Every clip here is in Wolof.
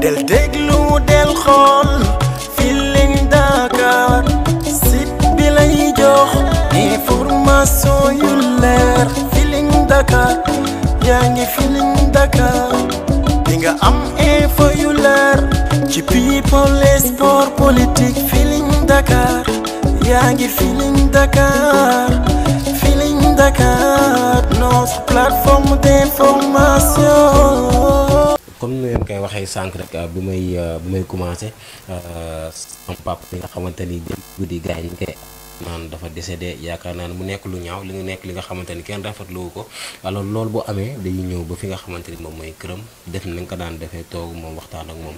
del déglu del xool Feeling Dakar site bi lay jox information yu leer Feeling Dakar yaa ngi Feeling Dakar nga am yu leer ci people et sport politique Feeling Dakar yaa ngi Feeling Dakar Feeling Dakar notre plateforme d'information comme ni ngeen koy waxee sànq rek bu may bu may commencé sama papa bi nga xamante ni dem guddi gars yi koy naan dafa décédé yaakaar naa ne mu nekk lu ñaaw li nga nekk li nga xamante ni kenn rafetlu ko alors lool bu amee dañuy ñëw ba fi nga xamante ni moom mooy këram def nañ ko daan defee toog moom waxtaan ak moom.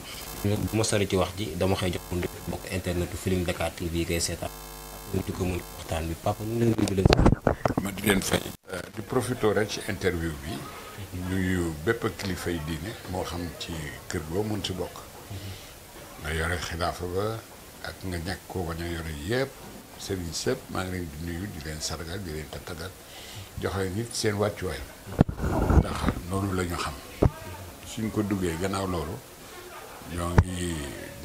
bu ma sori ci wax ji dama xëy jox mu bokk internet Feeling Dakar TV yi koy seetaan ñu di ko mën waxtaan bi papa ñu ngi leen di ma di leen fay. Euh, di profité rek ci interview nuyu bépp kilifay diine moo xam ci kër goo mun si bokk nga yore xilaafa ba ak nga ñàkk koo bañ a yore yëpp sëriñ sëpp maa ngi leen di nuyu di leen sargal di leen tàggat joxe nit seen wàccuwaay ndax loolu lañu ñu xam suñ ko duggee gannaaw loolu ñoo ngi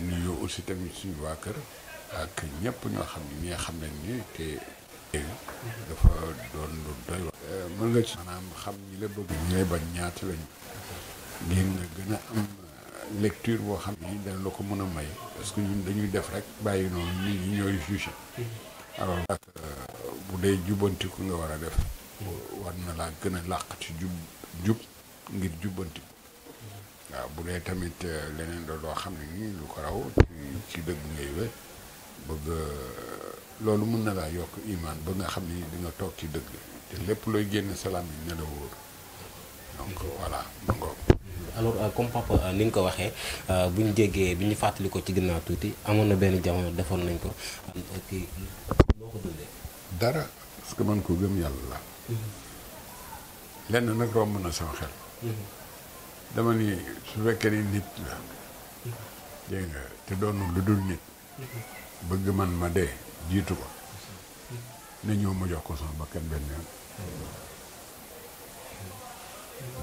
nuyu aussi tamit suñu waa kër ak ñëpp ñoo xam ne ñi xam ne ni te Eh, dafa doon lu doy eh, mën nga ci maanaam xam ñi la bëgg ñi ngay bañ ñaata lañu ngir nga gën a am eh, lecture boo xam ne dañ la ko mën a may parce que dañuy def rek bàyyi noonu nit ñi ñooy jugé mm-hmm. alors bu dee jubbantiku nga war a def war na laa gën a làq ci jub jub ngir jubbantiku mm-hmm. waaw bu dee tamit leneen da loo xam ne nii lu ko raw ci dëgg ngay we bëgg loolu mun na laa yokk imaan ba nga xam ni di nga toog ci dëgg te lépp looy génn salaam yi ne la wóor donc voilà ma euh, comme papa euh, ni nga ko waxee euh, bu ñu jéggee bi ñu fàttali ko ci ginnaaw tuuti amoon na benn jamono defoon nañ ko dara parce que man koo gëm yàlla la mhm. lenn nag romb na sama xel mhm. dama ni su fekkee ni nit la mhm. te doon lu dul nit bëgg man ma dee diitu ko ne ñëw ma jox ko sama bakkan benn yoon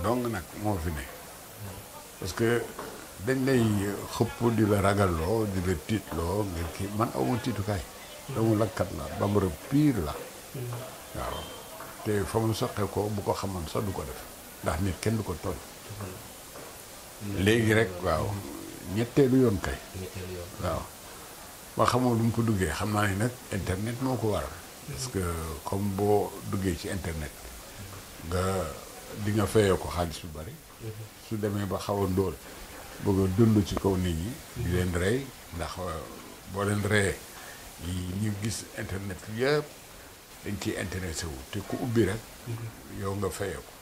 donc nag moo fi ne parce que dañ lay xëpp di la ragalloo di la tiitloo ngir kii man awma tiitukaay doomu lakkat la bambara piir la waaw te fa mu soqe ko bu ko xamoon sax du ko def ndax nit kenn du ko tooñ léegi rek waaw ñetteelu yoon kay waaw ba xamoo lu mu ko duggee xam naa ni nag internet moo ko waral parce que comme boo duggee ci internet nga di nga fayoo ko xaalis bu bari su demee ba xaw a ndóol bëgg a dund ci kaw nit ñi di leen rey ndax euh, boo leen reyee ñu gis internet yëpp dañ ciy intéressé wu te ku ubbi rek yow nga fayee ko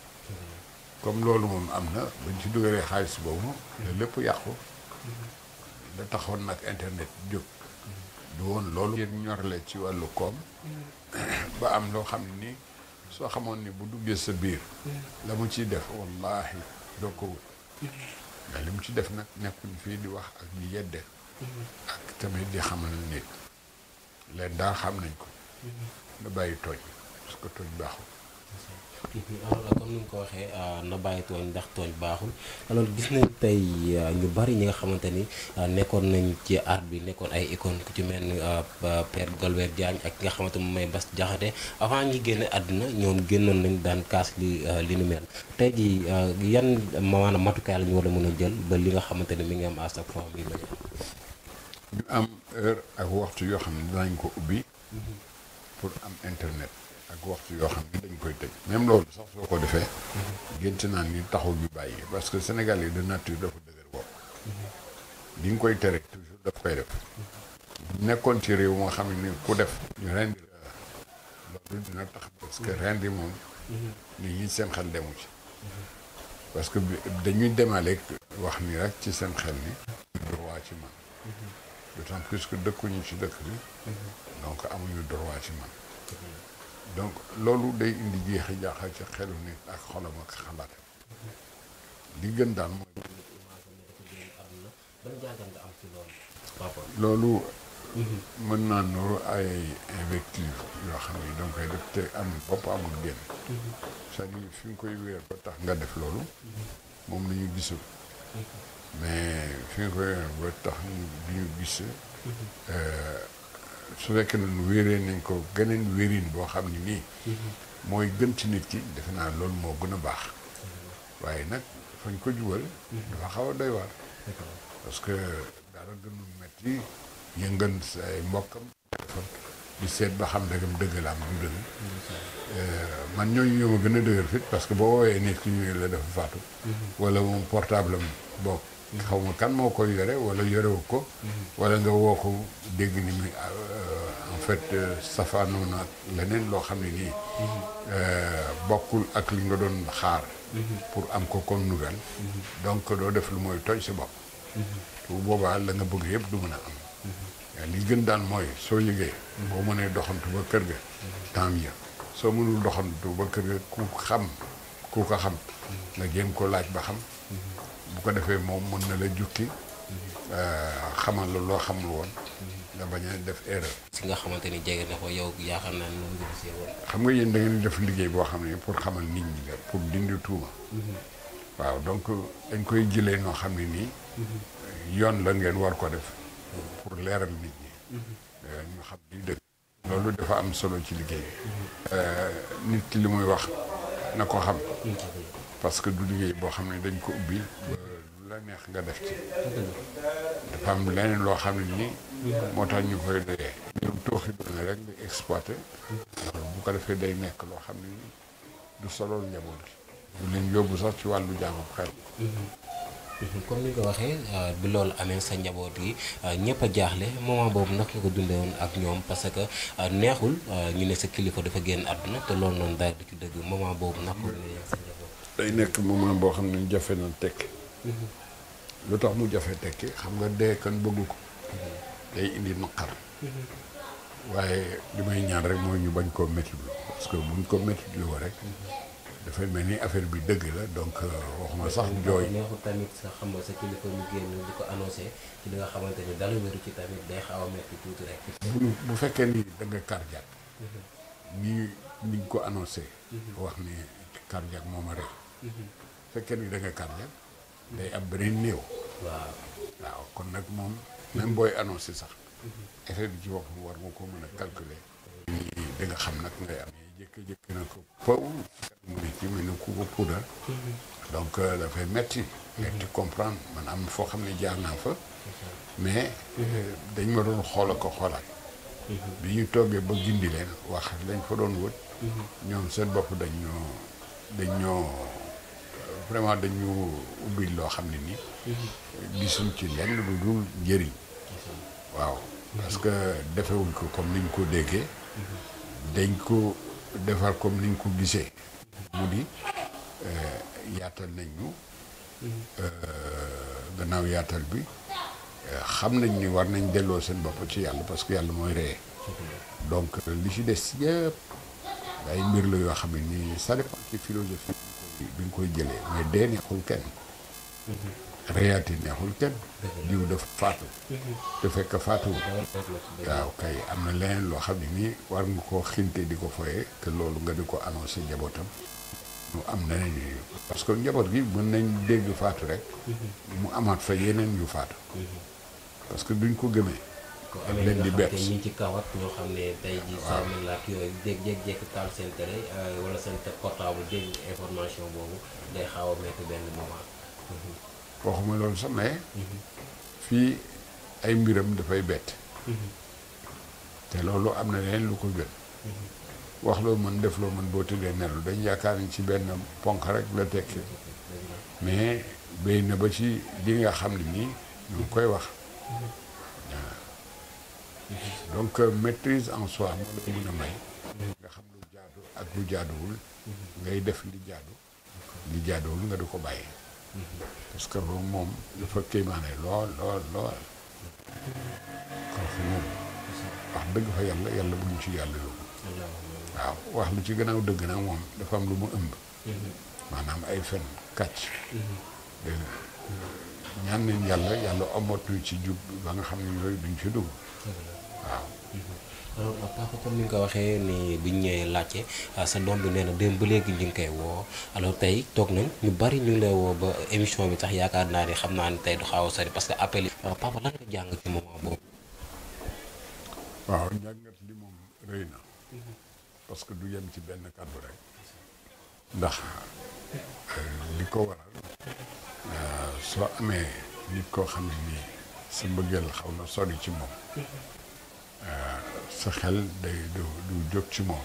comme loolu moom am na bañ ci duggalee xaalis boobu lépp yàqu da taxoon nag internet jóg du woon loolu ngir ñor la ci wàllu koom ba am loo xam ni soo xamoon ni bu duggee sa biir la mu ciy def wallaahi doo ko nga li mu ci def na nekkuñu fii di wax ak di yedde ak tamit di xamal nit leen daal xam nañ ko nga bàyyi tooñ parce que tooñ baaxul alors comme ni nga ko waxee euh, na bàyyi tooñ ndax tooñ baaxul alors gis nañ tey euh, ñu bari ñi nga xamante ni euh, nekkoon nañ ci art bi nekkoon ay icône ku ci mel ni Père Golbert Diagne ak ki nga xamante moom mooy Bass Diakhaté avant ñi génne àdduna ñoom génnoon nañ daan kaas li li nu mel tey ji yan maanaam matukaay la ñu war a mën a jël ba li nga xamante ni mi ngi am à chaque fois muy bañ ñu am heure ak waxtu yoo xam ne danañ ko ubbi mhm. pour am internet ak waxtu yoo xam ne dañ koy tëj même loolu sax soo ko defee gént naa ni taxul ñu bàyyi parce que Sénégal yi de nature dafa dëgër bopp di nga koy tere toujours daf koy def nekkoon ci réew moo xam ne ku def ñu rendi loolu dina tax parce que rendi moom nit ñi seen xel demu ci parce que dañuy demaleeg wax ni rek ci seen xel ni droit ci man d'autant plus que dëkkuñu ci dëkk bi donc amuñu droit ci man donc loolu day indi jeexi jaaxa ci xelu nit ak xolam ak xalaat li gën daal mooy. loolu. mën naa nuru ay invective yoo xam ne da def te am bopp amul génn. cest à fi nga koy weer ba tax nga def loolu. moom la ñu gisul. mais fi nga koy weer ba tax du ñu su fekkee ne lu wéeree nañ ko geneen wéerin boo xam ne nii mm-hmm. mooy gën ci nit ki defe naa loolu moo gën a baax mm-hmm. waaye nag fañ ko jubal mm-hmm. dafa xaw a doy waar parce que dara gënul metti yëngal say mbokkam téléphone seet ba xam ndegam dëgg la am du dëgg euh, man ñooñu ñëw ma gën a dëgër fit parce que boo woowee nit ki ñu la dafa faatu wala moom portable bokk xaw ma kan moo ko yore wala yorewu ko. Mhm. wala nga woo ko dégg ni mi euh, en fait euh, safaanoo na leneen loo xam ne nii. Mhm. Euh, bokkul ak li nga doon xaar. Mhm. pour am ko comme nouvelle. donc doo def lu mooy toj si bopp. bu boobaa la nga bëgg yëpp du mën a am. li gën daan mooy soo yëgee. boo mënee doxantu ba kër ga. tant mieux soo mënul doxantu ba kër ga ku xam ku ko xam. nga jéem ko laaj ba xam. ko defee moom mën na la jukki euh, xamal la loo xamul woon nga bañ a def erreur. si nga xamante ni jege na ko yow yaakaar naa xam nga yéen da def liggéey boo xam ne pour xamal nit ñi la pour dindi tuuma. Mhm. waaw donc dañ koy jëlee noo xam ne nii. Mhm. yoon la ngeen war ko def. Mhm. pour leeral nit ñi. Euh, ñu xam li dëkk. loolu dafa am solo ci liggéey bi. Euh, nit ki li muy wax na ko xam. parce que du liggéey boo xam ne dañ ko ubbi. la neex nga def ci dafa am leneen loo xam ni nii moo tax ñu koy doyee ñoom tooxi doon rek di exploité loolu bu ko defee day nekk loo xam ni nii du solool njaboot gi du leen ci wàllu jàngam xel mhm. comme ni nga waxee euh, bi loolu amee sa njaboot yi euh, ñëpp a jaaxle moment boobu nag nga ko dundee woon ak ñoom parce que euh, neexul ñu ne sa kilifa dafa génn àdduna te lool noonu daal du ci dëgg moment boobu nag. day nekk moment boo xam ne jafe na tekk mhm. lu tax mu jafe tekki xam nga dee bëggu ko day indi naqar waaye li may ñaan rek mooy ñu bañ koo métti lu parce que buñ ko métti lu ko rek dafay mel ni affaire bi dëgg la donc euh, waxuma sax jooy neexu tamit sa xam nga sa kilifa mu génn di ko annoncé ci li nga xamante ni dara wéru ci tamit day xaw a métti tuuti rek bu bu fekkee nii da nga cardiaque mhm. nii niñ ko annoncé mhm. wax ni cardiaque moom a rek mhm. fekkee day ab beneen néew. waaw waaw kon nag moom. même booy annoncé sax. effet bi ci boppam war nga ko mën a calculer. da xam nag ngay am. jékki-jékki na ko paw mu ne ci mel ni ku ko puudar. donc euh, dafay metti metti comprendre man am foo xam ne jaar naa fa. mais. dañ ma doon xoola ko xoolaat. bi ñu toogee ba gindi leen wax lañ fa doon wët. Mhm. ñoom seen bopp dañ ñoo dañ ñoo. vraiment dañu ubbi loo xam ne nii. gisuñ ci lenn lu dul njëriñ. waaw parce que defewuñ ko comme niñ ko déggee. dañ ko defar comme niñ ko gisee. mu di euh, yaatal nañ ñu. Euh, gannaaw yaatal bi euh, xam nañ ni war nañ delloo seen bopp ci yàlla parce que yàlla mooy reye. donc li ci des yëpp ay mbir la yoo xam ne nii sa dépend ci philosophie. bi bi nga koy jëlee mais dee neexul kenn mhm. reyaati neexul kenn mhm. diw dafa faatu mhm. te fekk faatuwul waaw kay am na leneen loo xam ne nii war nga koo xinte di ko foye te loolu nga di ko annoncé njabootam mu am na ñu parce que njaboot gi mën nañ dégg faatu rek mu amaat fa yeneen yu faatu parce que duñ ko gëmee d'accord leen di bett ñi ci kaw ak ñoo xam ne tey ji sànni la euh, wala seen portable boobu day xaw a métti benn moment waxuma lool sax mais mhm. fii ay mbiram dafay bett mhm. te loolu am na leen lu ko gën mhm. wax loo mën def loo mën boo tëddee nelaw dañ yaakaar nañ ci benn ponk rek la tekki mais béy na ba ci li nga xam ne nii lu koy wax donc euh, maîtrise en soi moo la mën a may nga xam lu jaadu ak lu jaaduwul ngay def li jaadu li jaaduwul nga du ko bàyyi parce que moom dafa kéemaane lool lool lool kooku moom wax yàlla yàlla ci yàlla wax lu ci gannaaw dëgg nag moom dafa am lu mu ëmb maanaam ay fen kàcc dégg nga ñaan nañ yàlla yàlla omatuñu ci jub ba nga xam ne yooyu duñ ci dugg alors euh, papa comme ni nga ko waxee ni biñ ñëwee laajte euh, sa doom bi nee na démb ba léegi ñu ngi koy woo alors tey toog nañ ñu bari ñu ngi lay woo ba émission bi sax yaakaar naa ni xam naa ne tey du xaw a sori parce que appel yi. Euh, papa lan nga jàng moom rëy na. Mhm. parce que du yem ci benn kàddu ko waral. amee nit koo xam ne nii sa mbëggeel xaw na sori ci moom. Mhm. Euh, sa xel day du du jóg ci moom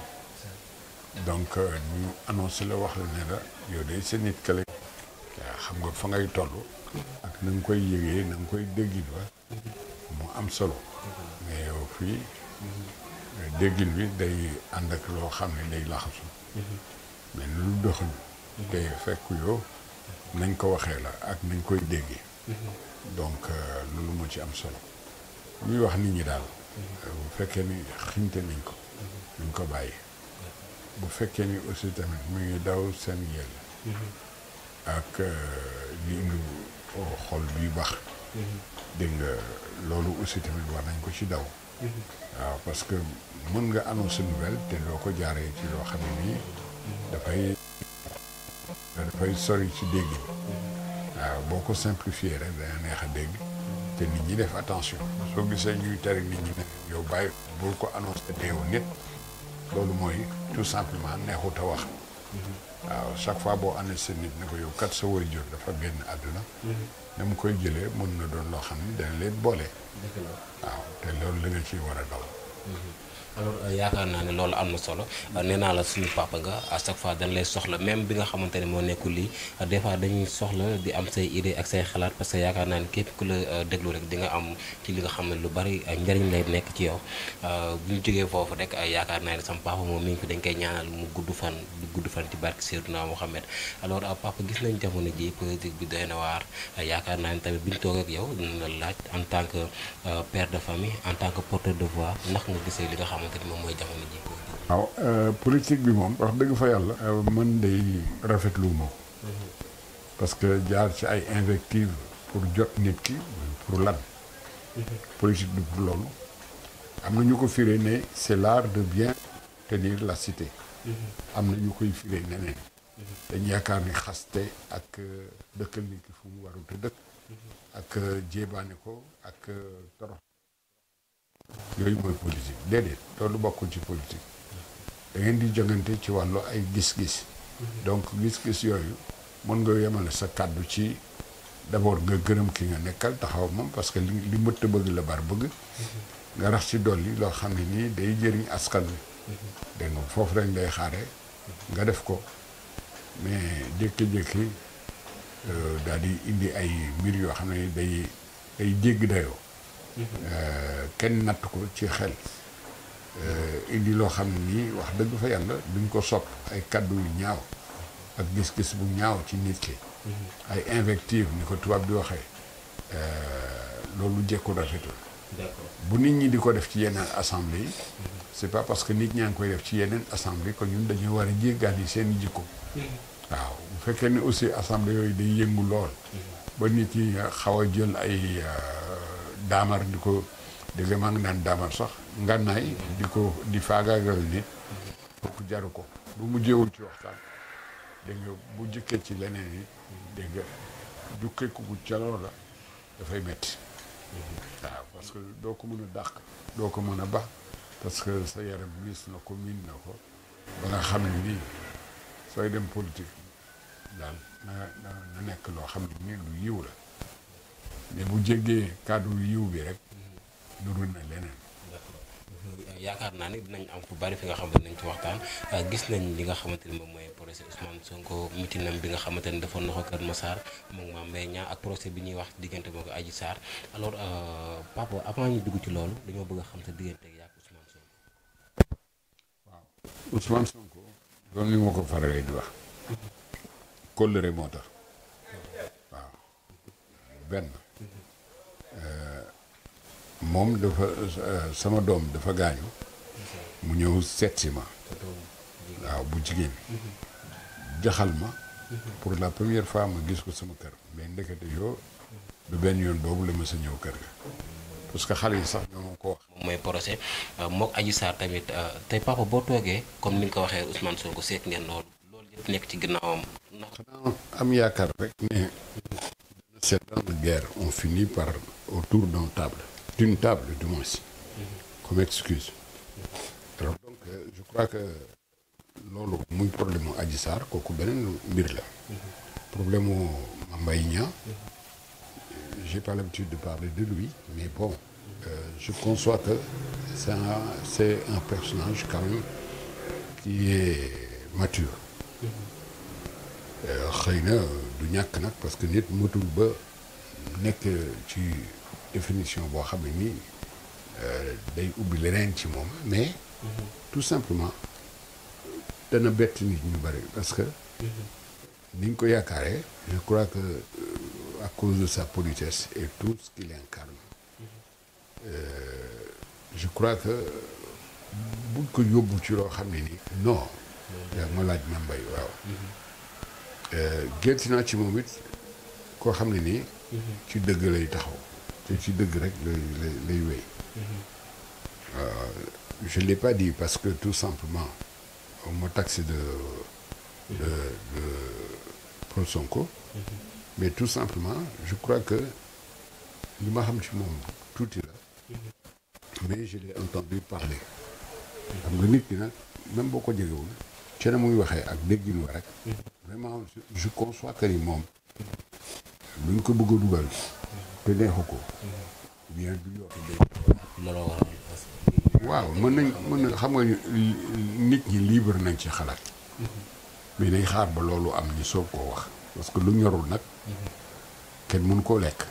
donc euh, ñu annoncé la wax la ne la yow day sa nit kale xam nga fa ngay toll ak na nga koy yëgee na nga koy déggin wa am solo mais yow déggin bi day ànd ak loo xam ne day laxasu mais lu doxal te fekk yow nañ ko waxee la ak nañ koy déggee donc euh, loolu moo ci am solo ñuy wax nit ñi daal bu fekkee ni xinte nañ ko nañ ko bàyyi bu fekkee ni aussi tamit muy daw seen yell ak euh, li indi xol bi baax dégg nga loolu aussi tamit war nañ ko ci daw waaw parce que mën nga annoncer nouvelle te loo ko jaaree ci loo xam ne nii dafay dafay sori ci dégg waaw boo ko simplifier rek dana neex a dégg te nit ñi def attention soo gisee ñuy tere nit ñi ne yow bàyyi bul ko annoncé deewu nit loolu mooy tout simplement neexut a wax waaw chaque fois boo annoncé nit ne ko yow kat sa waajur dafa génn àdduna mm-hmm. ne mu koy jëlee mën na doon loo xam ne dana leen boole waaw te loolu la nga ciy war a daw alors euh, yaakaar naa ne loolu am solo euh, nee naa la suñu papa nga à chaque fois dañ lay soxla même bi nga xamante ne moo nekkul lii euh, des fois dañuy soxla di am say idée ak say xalaat parce que yaakaar naa ne képp ku la déglu rek di nga am ci li nga xam ne lu bari njariñ lay nekk ci yow bu ñu jógee foofu rek yaakaar naa ne sama papa moom mi ngi fi dañ koy ñaanal mu gudd fan mu gudd fan ci barke Seydina Mohamed alors papa gis nañ jamono ji politique bi doy na yaakaar naa ne tamit bi ñu toog ak yow dina la laaj en tant que père de famille en tant que porteur de voix ndax nga gisee li nga xam xamante ni euh, bi moom wax dëgg fa yàlla. Euh, man day rafetlu ma ko. parce que jaar ci ay invectives pour jot nit ki pour lan. politique bi pour loolu. am na ñu ko firee ne c'est l'art de bien tenir la cité. am na ñu koy firee neneen. dañ yaakaar ni xaste ak euh, dëkkal nit ki fu mu warute dëkk. ak jéebaane ko ak torox. yooyu mooy politique déedéet lu bokkul ci politique da ngeen di jongante ci wàllu ay gis-gis donc gis-gis yooyu mën nga yemale sa kàddu ci d'abord nga gërëm ki nga nekkal taxaw moom parce que li li mëtt bëgg la bar bëgg nga rax ci dolli loo xam ne nii day jëriñ askan wi dégg nga foofu lañ lay xaare nga def ko mais jékki-jékki euh, daal di indi ay mbir yoo xam ne day day jégg dayoo kenn natt ko ci xel eh, indi loo xam ni wax dëgg fa yàlla duñ ko sopp ay kaddu yu ñaaw ak gis-gis bu ñaaw ci nit ki mm-hmm. ay invective ni ko tubaab bi waxee eh, loolu jekku rafetul bu nit ñi di ko def ci yeneen assemblée yi mm-hmm. c'est pas parce que nit ñaa ngi koy def ci yeneen assemblée que ñun dañuy war a jéggaan yi seen jikko mm-hmm. waaw bu fekkee ni aussi assemblée yooyu day yëngu lool ba nit ñi xaw a jël ay euh, daamar di ko dégg nga naan daamar sax ngànnaay di ko di faagaagal nit kooku jaru ko bu mujjeewul ci waxtaan dégg nga bu jëkkee ci leneen yi dégg nga jukkee ku ca loola dafay metti waaw parce que doo ko mën a dàq doo ko mën a baax parce que sa yaram gis na ko miin na ko ba nga xam ni nii sooy dem politique daal na nekk loo xam ne nii lu yiw la mais bu jéggee kàddu yiw bi rek nuru na leneen. yaakaar naa ne dinañ am fu bari fi nga xamante nañ ci waxtaan euh, gis nañ li nga xamante ne moom mooy procès Ousmane Sonko mitinam bi nga xamante ne defoon na ko Kër Massar moom Mame Mbaye Niang ak procès bi ñuy wax diggante moo ko Adji saar alors euh, papa avant ñu dugg ci loolu dañoo bëgg a xam sa diggante yàgg Ousmane Sonko. waaw Ousmane ma ko faralee di wax. moo tax. waaw Euh, moom dafa euh, sama doom dafa gaañu mu ñëw seet ma waaw bu jigéen jaxal ma pour la première fois ma gis ko sama kër mais ndekete yoo du benn yoon boobu la ma sa ñëw kër ga parce que xale yi sax ñoo ko wax. moom mooy procès euh, moog Adji Sarr tamit tey papa boo toogee comme ni nga ko waxee usman soo ko seet ngeen loolu loolu yëpp nekk ci ginnaawam. xanaa am yaakaar rek ne ces grandes guerres ont fini par autour d'une table d'une table du moins comme excuse alors donc euh, je crois que loolu muy problème mu Adji Sarr kooku beneen mbir la problème mu Mbaye Niang j'ai pas l'habitude de parler de lui mais euh, je conçois que c'est un, c'est un personnage quand qui est mature Euh, xëy na du ñàkk nag parce que nit matul ba nekk ci définition boo xam ne nii euh, day ubbi leneen ci moom mais mm-hmm. tout simplement dana bett nit ñu bëri parce que mm-hmm. ni ñu ko yaakaaree je crois que euh, à cause de sa politesse et tout ce qu'il incarne mm-hmm. je crois que buñ ko yóbbu ci loo xam ne nii non yaa ma laaj ma waaw Euh, gént naa ci moom it koo xam ne nii. Mhm. ci dëgg lay taxaw te ci dëgg rek lay lay lay wéy. Mhm. Euh, je l'ai pas dit parce que tout simplement on m'a taxé de mhm. de mais tout simplement je crois que li ma xam ci moom tuuti la. mais je l'ai entendu parler. xam nga nit ki nag boo ko jegewul. ci na muy waxee ak déggin wa rek mm-hmm. vraiment je conçois que ni moom luñ ko bëgg a dugal te neexu ko mm-hmm. bien du waaw mën nañ mën na xam nga nit ñi libre nañ ci xalaat mm-hmm. mais dañ xaar ba loolu am ni soog koo wax parce que lu ñorul nag kenn mën koo lekk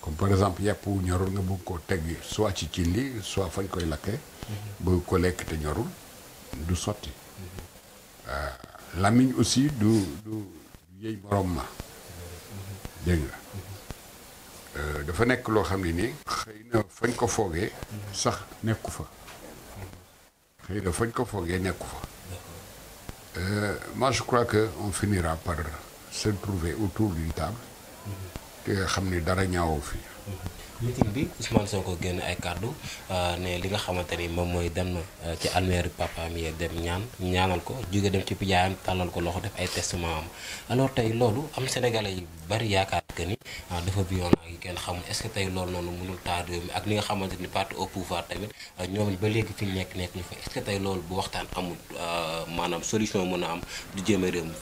comme par exemple yàpp wu ñorul nga bëgg koo teg soit ci cin li soit fañ koy lakke bëgg ko lekk te ñorul du sotti Euh, làmmiñ aussi du du yëy borom ma dégg nga euh, dafa nekk loo xam ne nii xëy na fañ ko foogee sax nekku fa xëy na fañ ko foogee nekku fa euh, moi je crois que on finira par se trouver autour d'une table te nga xam ni dara ñaawu fi. meeting bi Ousmane ko génn ay kàddu euh, ne li nga xamante ni moom mooy dem na euh, ci almeeri papaam yi dem ñaan ñaanal ko jóge dem ci pijaayam tàllal ko loxo def ay testament am alors tey loolu am sénégalais yi bari yaakaar que ni euh, dafa violent yi kenn xamul est-ce tey loolu noonu mënul taal ak li nga xamante ni parti au pouvoir tamit ñoom ba léegi fi ñu nekk nekk ñu fa est-ce que tey loolu bu waxtaan amul maanaam solution mën a am du jéem a réew mi.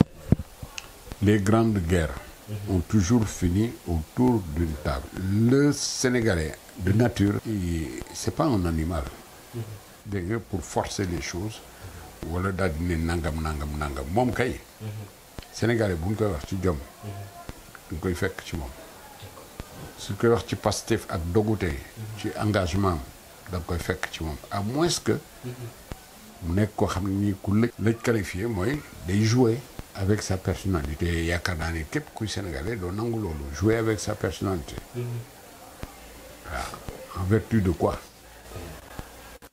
les grandes guerres. Mm-hmm. ont toujours fini autour d'une table. Le Sénégalais de nature, c'est pas un animal. Mm-hmm. dégg nga pour forcer les choses. wala daal di ne nangam nangam nangam moom kay. Mm-hmm. Sénégalais bu ñu koy wax ci jom. duñ koy fekk ci moom. suñ koy wax ci Pastef ak dogute. ci engagement am da koy fekk ci moom à moins que. mu nekk koo xam ne nii ku lëj. lëj mooy day jouer. avec sa personnalité yaakaar naa ne képp kuy sénégalais doo nangu loolu jouer avec sa personnalité waaw en vertu de quoi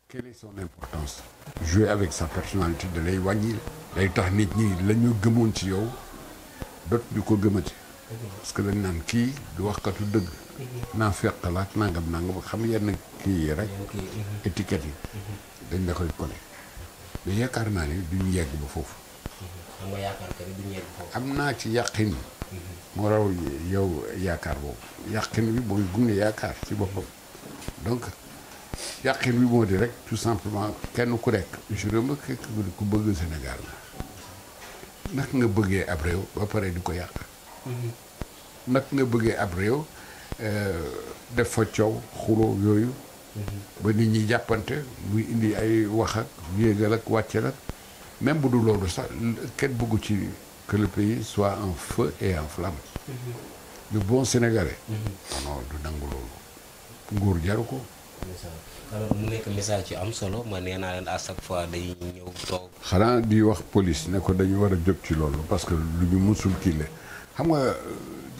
quelle est son importance jouer avec sa personnalité da lay wàññi day tax nit ñi la ñu gëmoon ci yow dot ñu ko gëmati parce que dañ naan kii du waxkatu dëgg naa fekk la ak nangam nangam xam yenn kii yi rek étiquette yi mhm. dañ la koy collé mais yaakaar naa ne duñu yegg ba foofu am am naa ci yàqin. Mm-hmm. moo raw yow yaakaar boobu yàqin bi mooy gunge yaakaar ci boppam donc yàqin bi moo di rek tout simplement kenn ku nekk je remarque ku bëgg Sénégal la nga bëggee ab réew ba pare di ko yàq. Mm-hmm. nag nga bëggee ab réew euh, def fa coow xuloo yooyu. Mm-hmm. ba nit ñi jàppante muy indi ay wax ak yéegal ak wàcce ak. même bu dul loolu sax kenn bëggu ci que le soit en feu et en flamme mm-hmm. le bon sénégalais mm-hmm. non du nangu loolu nguur jaru ko mu nekk message ci am solo ma nee naa leen à chaque fois day ñëw toog xanaa di wax police ne ko dañu war a jot ci loolu parce que lu ñu musul kii la xam nga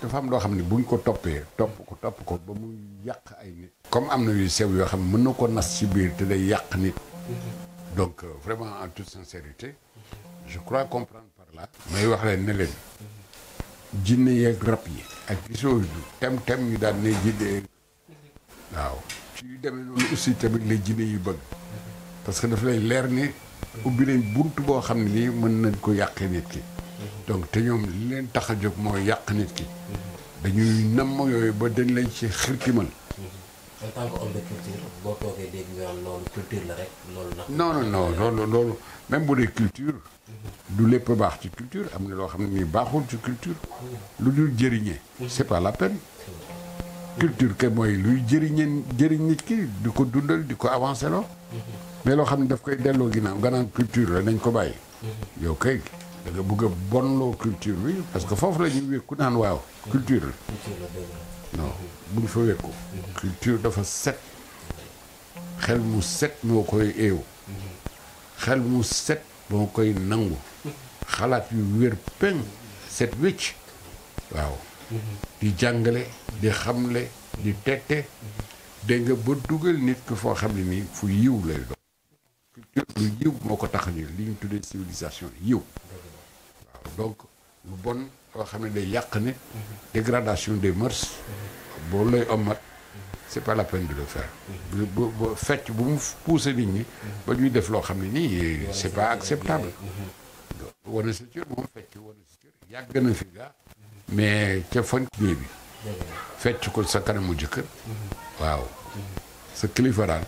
dafa am loo xam ne buñ ko toppee topp ko topp ko ba mu yàq ay nit comme am na yu sew yoo xam ne mën na ko nas ci biir te day yàq nit mm-hmm. donc euh, vraiment en toute sincérité je crois comprendre par là may wax leen ne leen jinne yeeg rab yi ak gisoo tem tem ñu daan ne jinne waaw ci demee noonu aussi tamit la jinne yu bëgg parce que daf lay leer ni ubbi leen bunt boo xam ne nii mën nañ ko yàqee nit ki donc te ñoom li leen tax a jóg mooy yàq nit ki dañuy namm yooyu ba dañ leen ci xirtimal en tant que boo toogee dégg loolu culture la rek loolu nag. non même bu dee culture. Mhm. du lépp baax ci culture am na loo xam ne nii baaxul ci culture. Mhm. lu dul jëriñee. Mhm. c'est pas la peine. culture ke mooy luy jëriñeen jëriñ nit ki di ko dundal di ko avancé loo. mais loo xam ne daf koy delloo ginnaaw nga culture la nañ ko bàyyi. yow kay. da nga bëgg a bonloo culture bi parce que foofu la ñuy wékku naan waaw culture la non buñ fa wékku culture dafa set xel mu set moo koy eewu xel mu set moo koy nangu xalaat yu wér peŋ set wécc waaw di jàngale di xamle di tete dégg nga ba dugal nit ki foo xam ne nii fu yiw lay doon culture lu yiw moo ko tax a ñuy li ñu tuddee civilisation yiw donc lu bon loo xam ne day yàq ne dégradation des mœurs boo lay omat c'est pas la peine de le faire bu bu fecc bu mu pousser nit ñi ba ñuy def loo xam ne nii c'est pas acceptable wane sa cër moom fecc wane sa cër yàgg na fi gaa mais ca fankñee bi fecc ko sa kanamu jëkkër waaw sa kilifa daal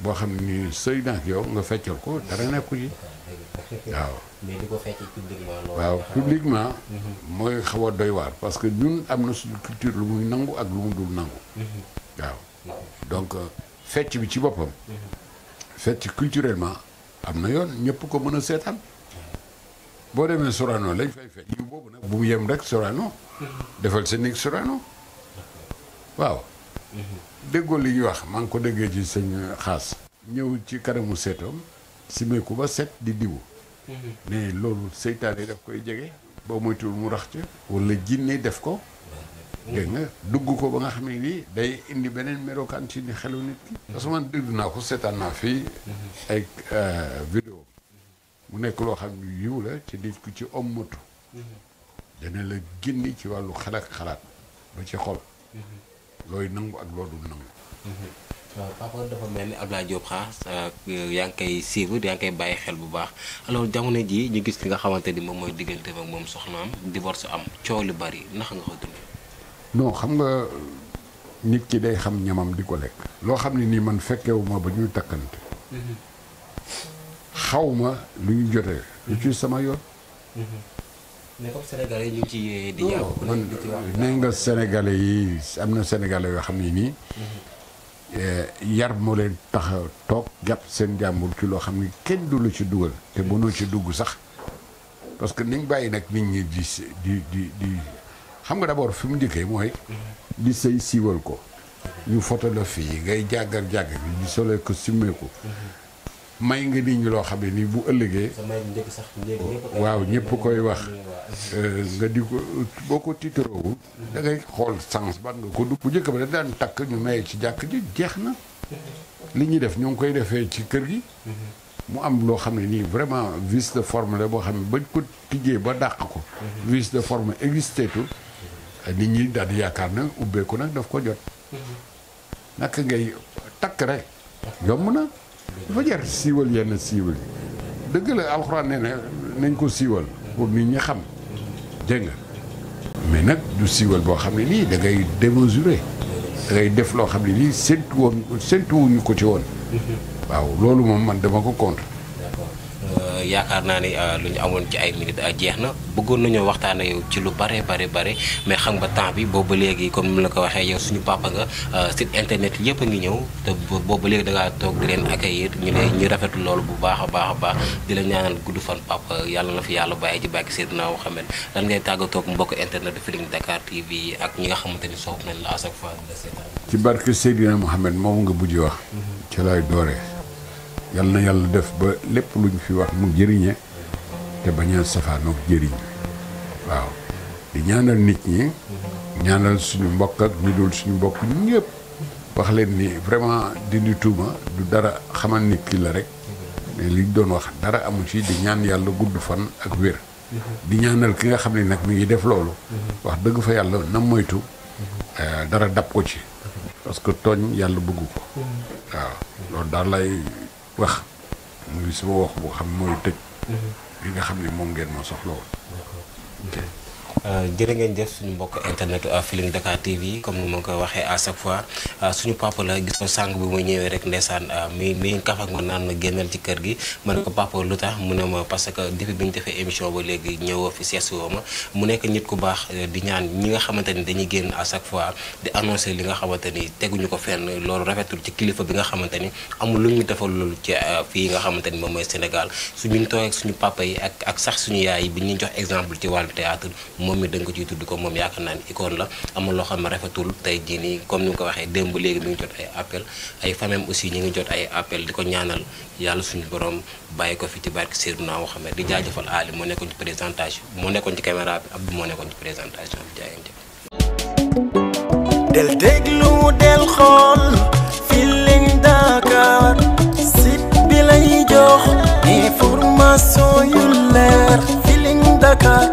boo xam ne sëy na yow nga feccal ko dara nekku ci waaw mais mooy xawa a doy waar parce que ñun am na suñu culture lu muy nangu ak lu mu dul nangu waaw donc euh, fecc bi ci boppam fecc culturellement am na yoon ñëpp ko mën a seetaan boo demee Sorano lañ fay fecc yu boobu nag bu mu yem rek Sorano defal sa néeg Sorano waaw déggoo li ñuy wax maa ngi ko déggee ci sëñ xaas ñëw ci kanamu seetam simeeku ba set di diwu mhm. mais loolu seytaane daf koy jege ba moytuwul mu rax ca wala jinne def ko mhm. dégg dugg ko ba nga xam ne nii day indi beneen melokaan ci ni xelu nit ki mhm. parce que man naa ko seetaan naa fi ay euh, vidéo mu nekk loo xam yiw la ci nit ku ci ommatu dana la génni ci wàllu xel ak xalaat ba ci xol looy nangu ak loo dul nangu. waaw mhm. papa dafa mel ni Abdoulaye Diop xaas euh, yaa ngi koy suivre yaa ngi koy bàyyi xel bu baax alors jamono jii ñu gis ki nga xamante ni moom mooy diggante ak moom soxnaam divorce am coow lu bari naka nga ko dundee. non xam nga nit ki day xam ñamam di ko lekk. loo xam ne nii man fekkewu ma ba ñu takkante. Mhm. xaw ma lu ñu jotee. lu ciy sama yoon. Mhm. mais comme sénégalais ñu ngi ciy di nga sénégalais yi am na sénégalais yoo xam ne nii. Mm-hmm. yar moo leen tax toog jàpp seen jàmbur ci loo xam ni kenn du la ci dugal te mm-hmm. mënoo ci dugg sax parce que nañ bàyyi nag nit ñi di di di xam nga d'abord fi mu njëkkee mooy. Mm-hmm. di sëy siiwal ko. ñu foto la fii ngay jàggar jàggar bi ñu solee ko simmee may nga nit ñi loo xam ne nii bu ëllëgee. waaw ñëpp koy wax. Euh, nga di ko boo ko tiitaroowul. da ngay xool sens ban nga ko dugg. bu njëkk ba da daan takk ñu maye ci jàkk ji jeex na. li ñuy def ñoo ngi koy defee ci kër gi. mu am loo xam ne nii vraiment vice de forme la boo xam ne bañ ko tiggee ba dàq ko. vice de forme existé tout nit ñi daal di yaakaar na ubbeeku nag daf ko jot. Mhm. naka ngay takk rek yomb na. dafa jar siiwal yenn siiwal yi dëgg la alxuraan nee na nañ ko siiwal pour nit ñi xam dégg nga mais nag du siiwal boo xam ne nii da ngay démesuré da ngay def loo xam ne nii séntu woon séntuwuñu ko ci woon mm-hmm. waaw loolu moom man dama ko contre yaakaar naa ni euh, lu ñu amoon ci ay minutes euh, jeex na bëggoon nañoo waxtaan yow ci lu bare bare bare mais xam nga temps bi boobu léegi comme ni la ko waxee yow suñu papa nga euh, site internet yëpp a ngi ñëw te boobu léegi da ngaa toog di leen accueillir ñu ñu rafetu loolu bu baax a baax a baax di la ñaanal gudd fan papa yàlla na fi yàlla bàyyi ci bàkki Seydina Mouhamed lan ngay tàggatoog mbokk internet Feeling Dakar TV ak ñi nga xamante ni soof nañ la à chaque fois ci barke Seydina Mouhamed nga bujj wax mhm. ci yal na yàlla def ba lépp lu ñu fi wax mu jëriñe te bañ a safaanoog jëriñ waaw di ñaanal nit ñi ñaanal suñu mbokk ak ñu dul suñu mbokk ñëpp wax leen ni vraiment dindi tuuma du dara xamal nit ki rek mais doon wax dara amu ci di ñaan yàlla gudd fan ak wér di ñaanal ki nga xam ne nag mi ngi def loolu wax dëgg fa yàlla na moytu eh, dara dab ko ci parce que tooñ yàlla bëgg ko waaw loolu daal lay wax muy sama wax boo xam mooy tëj. Mm-hmm. li nga xam ne moom ngeen ma soxla woon. Euh, jërë ngeen jëf suñu mbokk internet euh, Feeling Dakar TV comme ni ma ko waxee à chaque fois euh, suñu papa la gis ko sàng bi muy ñëwee rek ndeysaan mi mi kaf ak ma naan ma génnal ci kër gi ma ko papa lu tax mu ne ma parce que depuis bi ñu defee émission ba léegi ñëwoo fi seesi woo ma mu nekk nit ku baax di ñaan ñi nga xamante ni dañuy génn à chaque fois di annoncé li nga xamante ni teguñu ko fenn loolu rafetul ci kilifa bi nga xamante ni amul lu ñu defal loolu ci fii nga xamante ni moom mooy Sénégal su toog ak suñu papa yi ak ak sax suñu yaay yi bi ñuy jox exemple ci wàllu théâtre moom mi dañ ko ciy tudd ko moom yaakaar naa ni la amul xam ne tey jii comme ni nga ko waxee démb léegi mi ngi jot ay appel ay famem aussi ñi ngi jot ay appel di ko ñaanal yàlla suñu borom bàyyi ko fi ci barke Seydina Muhammad di jaajëfal aali moo nekkoon ci présentation moo nekkoon ci caméra bi Abdou moo nekkoon ci présentation bi jaayante del déglu del xool Feeling Dakar site bi lay jox information yu leer Feeling Dakar